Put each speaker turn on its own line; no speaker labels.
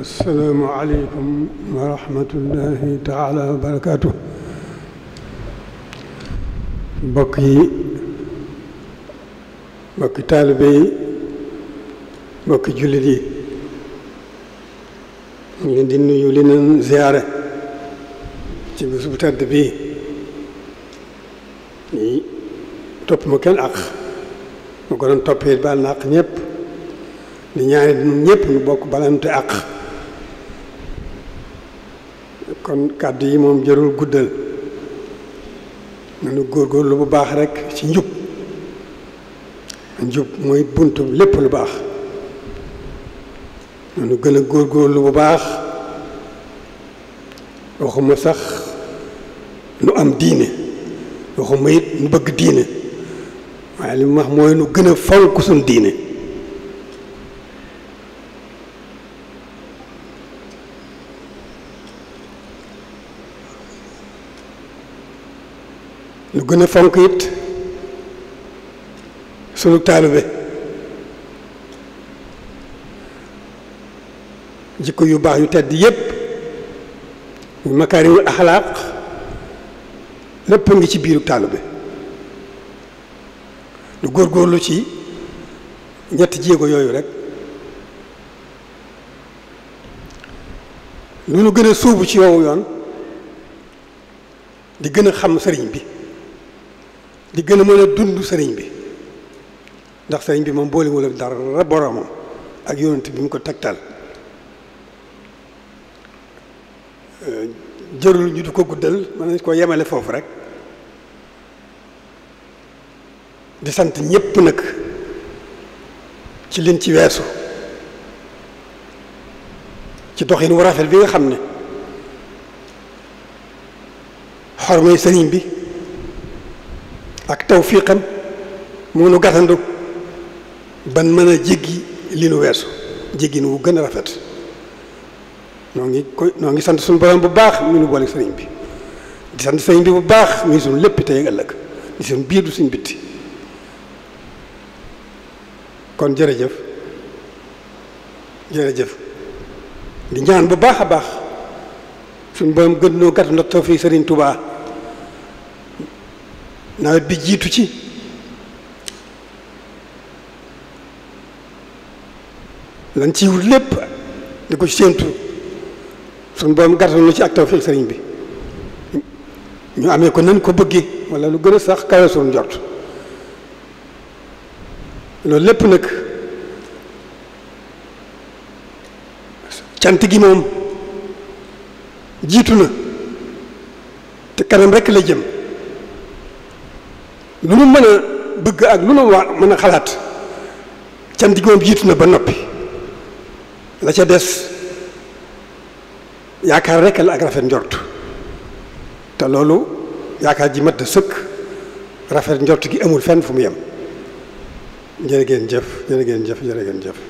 السلام عليكم ورحمة الله تعالى وبركاته بقي بقي طالبي بقي جلدي لدينا يولينا زيارة تبقى سبتا دبي توب مكان أخ مكان توب يبال ناق نيب لنيا نيب نبقى بلانت أخ kon kàddu yi moom jarul guddal góor góorlu bu baax rekk ci njub njub mooy buntu lépp lu baax nanu gën a góorlu bu baax waxuma sax nu am diine waxuma it nu bëgg diine waaye li mu wax mooy nu gën a fonk suñ diine lu gën a fonk it sunu taalube jikko yu baax yu tedd yépp ñu makaarimul axlaaq lépp ngi ci biiru taalube lu góor góorlu ci ñetti jéego yooyu rekk lu nu gën a suubu ci yow yoon di gën a xam sëriñ bi di gën a mën a dund sëriñ bi ndax sëriñ bi moom boolewul ak dara boromam ak yonent bi mu ko tegtal euh, jërul ñu du ko guddal mën nañ koo yemale foofu rek di sant ñépp nag ci liñ ci weesu ci doxin wu rafet bi nga xam ne xormay sëriñ bi ak tawfiqam mu nu gatandu ban mana a jéggi li nu weesu jéggin wu gën rafet noo ngi koy noo ngi sant suñu borom bu baax mi nu boole sëriñ bi di sant sëriñ bi bu baax mi suñu lépp di kon jërëjëf jërëjëf di ñaan bu baax baax suñu borom gën noo Touba. nawet bi jiitu ci lan ci lépp di ko ci séentu suñu borom gàttal nu ci ak tawfeex sëriñ bi ñu amee ko nan ko bëggee wala lu gën a sax kawe suñu njort loolu lépp nag cant gi moom jiitu na te kanam rekk la jëm lu nu mën a bëgg ak lu nu wax mën a xalaat cam di moom na ba noppi la ca des yaakaar rekk la ak rafet njort te loolu yaakaar ji mat sëkk rafet njort gi amul fenn fu mu yem jërë ngeen jëf jërë ngeen jëf jërë ngeen jëf